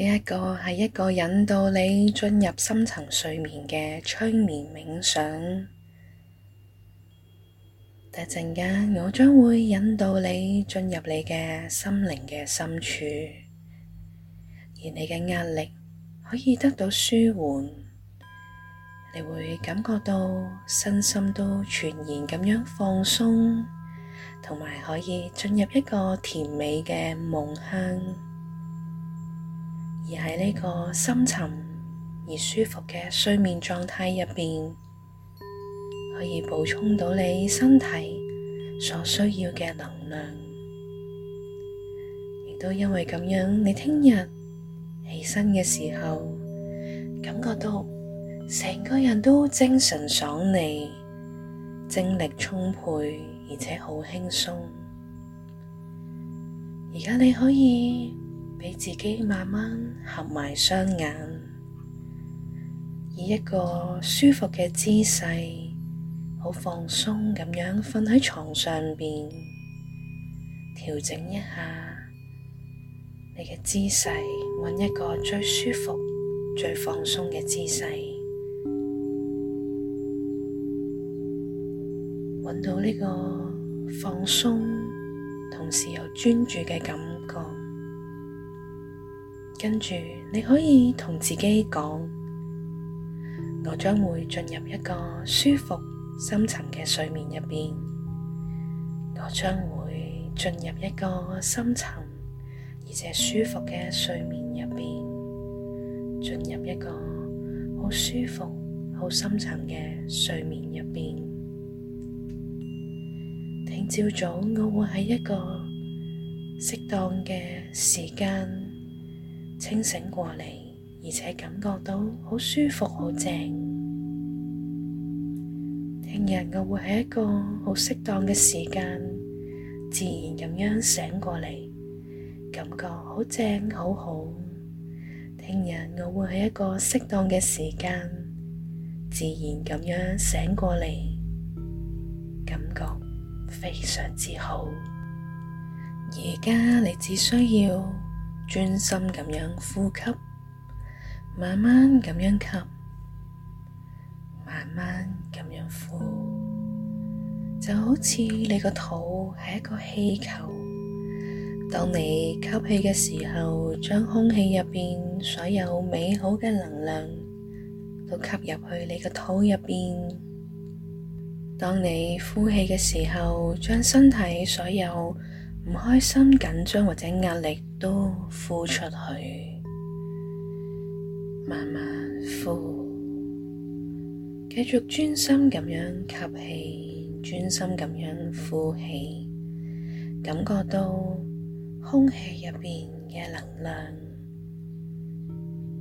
呢一個係一個引導你進入深層睡眠嘅催眠冥想，一陣間我將會引導你進入你嘅心靈嘅深處，而你嘅壓力可以得到舒緩，你會感覺到身心都全然咁樣放鬆，同埋可以進入一個甜美嘅夢鄉。呢個深沉而舒服嘅睡眠狀態入邊，可以補充到你身體所需要嘅能量，亦都因為咁樣，你聽日起身嘅時候，感覺到成個人都精神爽利、精力充沛，而且好輕鬆。而家你可以。畀自己慢慢合埋雙眼，以一個舒服嘅姿勢，好放鬆咁樣瞓喺床上邊，調整一下你嘅姿勢，搵一個最舒服、最放鬆嘅姿勢，搵到呢個放鬆，同時又專注嘅感覺。跟住，你可以同自己講：我將會進入一個舒服、深層嘅睡眠入邊；我將會進入一個深層而且舒服嘅睡眠入邊；進入一個好舒服、好深層嘅睡眠入邊。聽朝早我會喺一個適當嘅時間。清醒過嚟，而且感覺到好舒服、好正。聽日我會喺一個好適當嘅時間，自然咁樣醒過嚟，感覺好正、好好。聽日我會喺一個適當嘅時間，自然咁樣醒過嚟，感覺非常之好。而家你只需要。專心咁樣呼吸，慢慢咁樣吸，慢慢咁樣呼，就好似你個肚係一個氣球。當你吸氣嘅時候，將空氣入邊所有美好嘅能量都吸入去你個肚入邊；當你呼氣嘅時候，將身體所有唔開心、緊張或者壓力，都呼出去，慢慢呼，繼續專心咁樣吸氣，專心咁樣呼氣，感覺到空氣入面嘅能量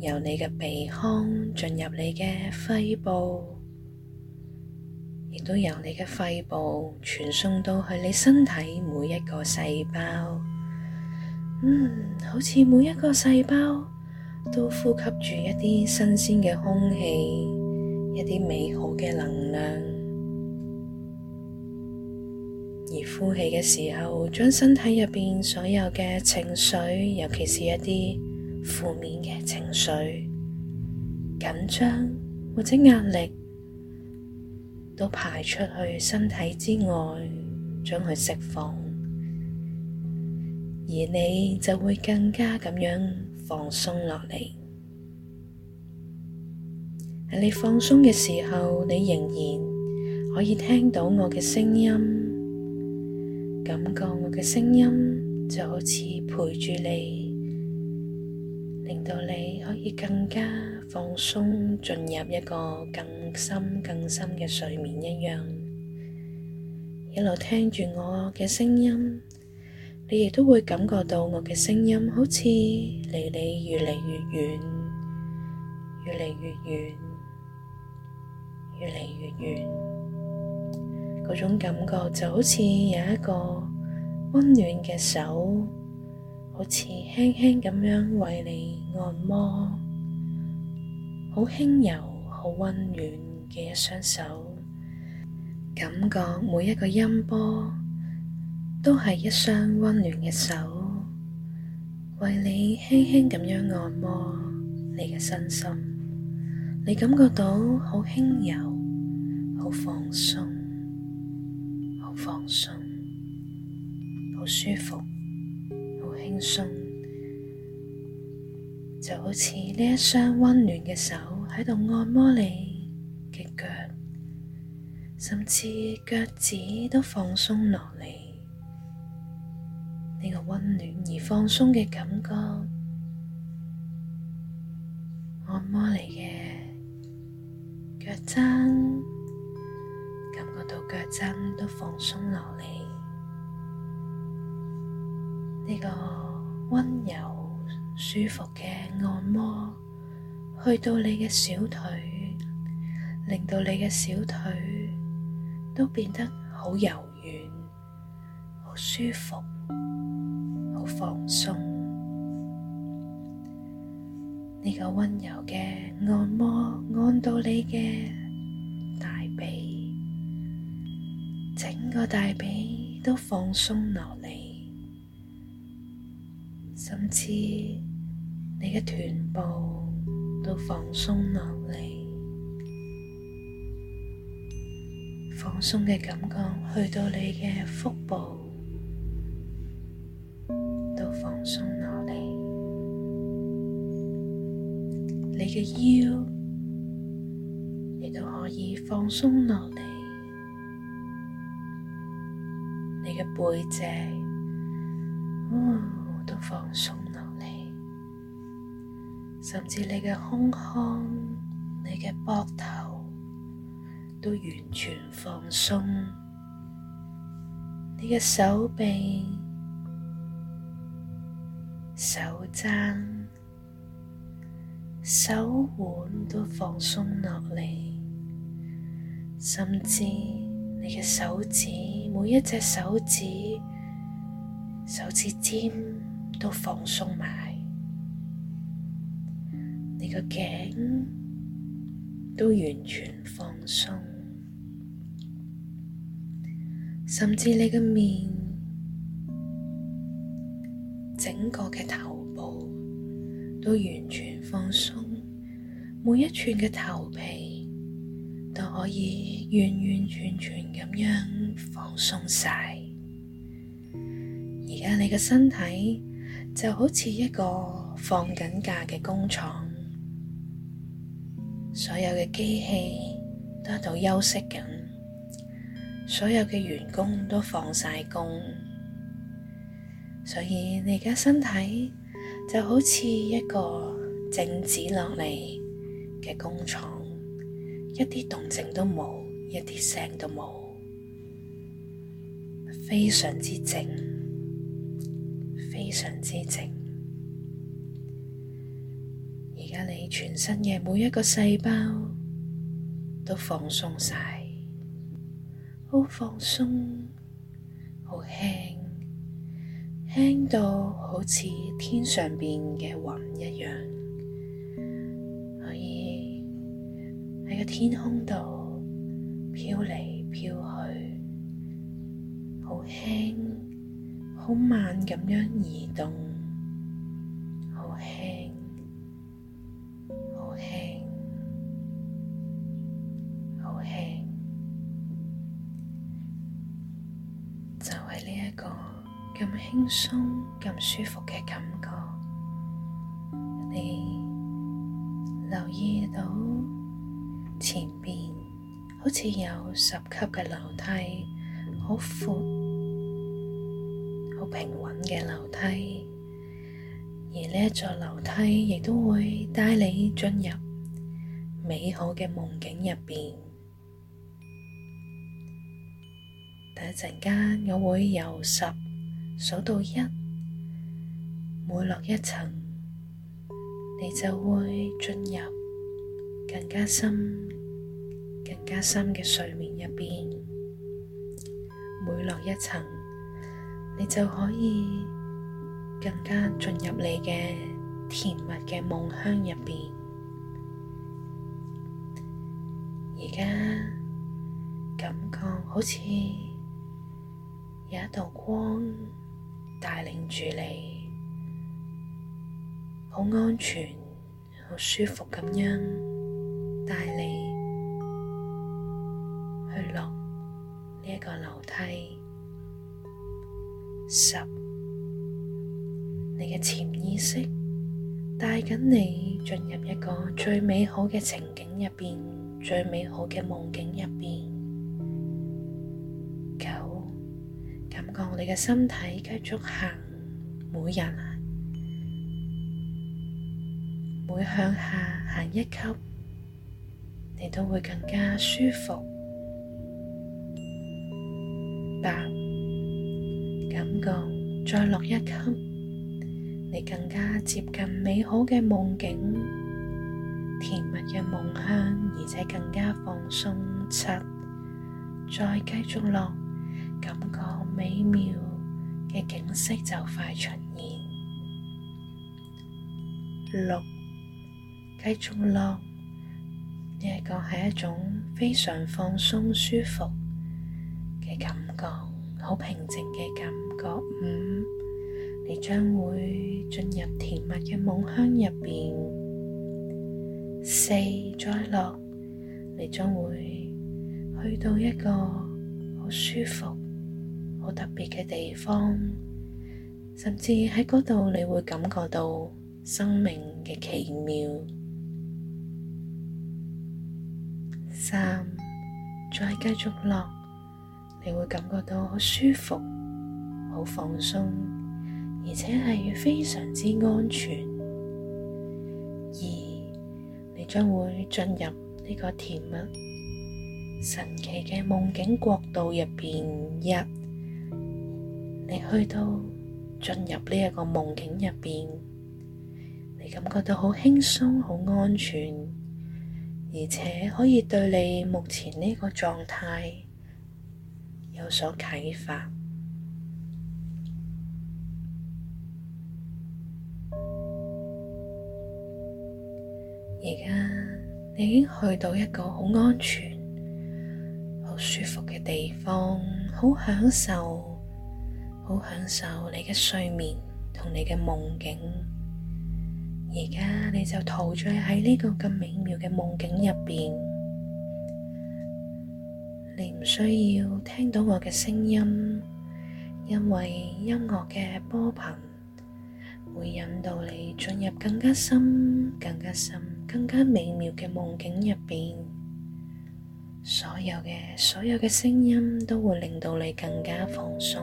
由你嘅鼻腔進入你嘅肺部，亦都由你嘅肺部傳送到去你身體每一個細胞。嗯，好似每一個細胞都呼吸住一啲新鮮嘅空氣，一啲美好嘅能量。而呼氣嘅時候，將身體入邊所有嘅情緒，尤其是一啲負面嘅情緒、緊張或者壓力，都排出去身體之外，將佢釋放。而你就會更加咁樣放鬆落嚟。喺你放鬆嘅時候，你仍然可以聽到我嘅聲音，感覺我嘅聲音就好似陪住你，令到你可以更加放鬆，進入一個更深更深嘅睡眠一樣。一路聽住我嘅聲音。你亦都會感覺到我嘅聲音，好似離你越嚟越遠，越嚟越遠，越嚟越遠。嗰種感覺就好似有一個溫暖嘅手，好似輕輕咁樣為你按摩，好輕柔、好溫暖嘅一雙手，感覺每一個音波。都係一雙溫暖嘅手，為你輕輕咁樣按摩你嘅身心，你感覺到好輕柔，好放鬆，好放鬆，好舒服，好輕鬆，就好似呢一雙溫暖嘅手喺度按摩你嘅腳，甚至腳趾都放鬆落嚟。放鬆嘅感覺，按摩你嘅腳踭，感覺到腳踭都放鬆落嚟。呢個溫柔舒服嘅按摩，去到你嘅小腿，令到你嘅小腿都變得好柔軟、好舒服。放鬆呢，這個温柔嘅按摩，按到你嘅大髀，整個大髀都放鬆落嚟，甚至你嘅臀部都放鬆落嚟。放鬆嘅感覺去到你嘅腹部。你嘅腰亦都可以放鬆落嚟，你嘅背脊、哦，都放鬆落嚟，甚至你嘅胸腔、你嘅膊頭都完全放鬆，你嘅手臂、手踭。手腕都放鬆落嚟，甚至你嘅手指，每一隻手指，手指尖都放鬆埋，你個頸都完全放鬆，甚至你個面，整個嘅頭。都完全放鬆，每一寸嘅頭皮都可以完完全全咁樣放鬆晒。而家你嘅身體就好似一個放緊假嘅工廠，所有嘅機器都喺度休息緊，所有嘅員工都放晒工，所以你而家身體。就好似一個靜止落嚟嘅工廠，一啲動靜都冇，一啲聲都冇，非常之靜，非常之靜。而家你全身嘅每一個細胞都放鬆晒，好放鬆，好輕。輕到好似天上邊嘅雲一樣，可以喺個天空度飄嚟飄去，好輕好慢咁樣移動。輕鬆咁舒服嘅感覺，你留意到前面好似有十級嘅樓梯，好闊、好平穩嘅樓梯，而呢一座樓梯亦都會帶你進入美好嘅夢境入面。等一陣間，我會由十數到一，每落一層，你就會進入更加深、更加深嘅睡眠入邊。每落一層，你就可以更加進入你嘅甜蜜嘅夢鄉入邊。而家感覺好似有一道光。帶領住你，好安全、好舒服咁樣帶你去落呢一個樓梯。十，你嘅潛意識帶緊你進入一個最美好嘅情景入邊，最美好嘅夢境入邊。感覺你嘅身體繼續行，每日，每向下行一級，你都會更加舒服。八，感覺再落一級，你更加接近美好嘅夢境，甜蜜嘅夢鄉，而且更加放鬆。七，再繼續落。感覺美妙嘅景色就快出現，六、繼續落，呢、這、一個係一種非常放鬆舒服嘅感覺，好平靜嘅感覺。五，你將會進入甜蜜嘅夢鄉入邊，四、再落，你將會去到一個好舒服。好特別嘅地方，甚至喺嗰度你會感覺到生命嘅奇妙。三、再繼續落，你會感覺到好舒服、好放鬆，而且係非常之安全。二、你將會進入呢個甜蜜神奇嘅夢境國度入邊。一你去到進入呢一個夢境入邊，你感覺到好輕鬆、好安全，而且可以對你目前呢個狀態有所啟發。而家你已經去到一個好安全、好舒服嘅地方，好享受。好享受你嘅睡眠同你嘅夢境，而家你就陶醉喺呢個咁美妙嘅夢境入邊。你唔需要聽到我嘅聲音，因為音樂嘅波頻會引導你進入更加深、更加深、更加美妙嘅夢境入邊。所有嘅所有嘅聲音都會令到你更加放鬆。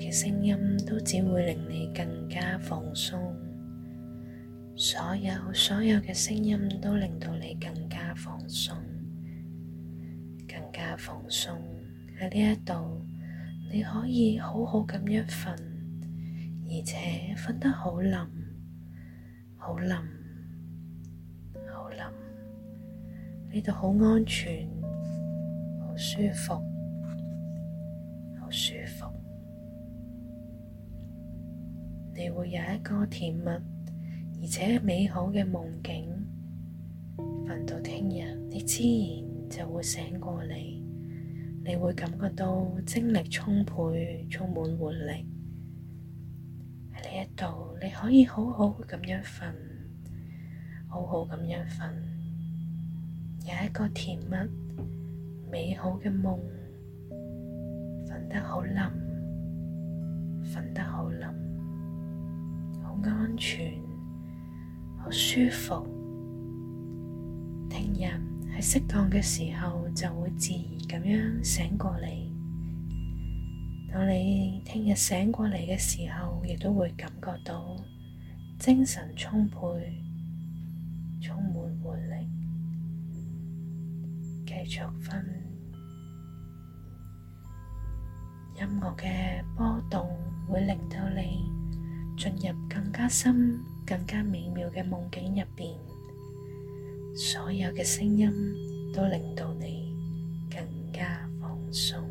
嘅聲音都只會令你更加放鬆，所有所有嘅聲音都令到你更加放鬆，更加放鬆。喺呢一度，你可以好好咁樣瞓，而且瞓得好冧，好冧，好冧，呢度好安全，好舒服。你會有一個甜蜜而且美好嘅夢境，瞓到聽日，你自然就會醒過嚟。你會感覺到精力充沛，充滿活力。喺呢一度，你可以好好咁樣瞓，好好咁樣瞓，有一個甜蜜美好嘅夢，瞓得好冧，瞓得好冧。好安全，好舒服。聽日喺適當嘅時候就會自然咁樣醒過嚟。當你聽日醒過嚟嘅時候，亦都會感覺到精神充沛，充滿活力，繼續瞓。音樂嘅波動會令到你。進入更加深、更加美妙嘅夢境入面，所有嘅聲音都令到你更加放鬆。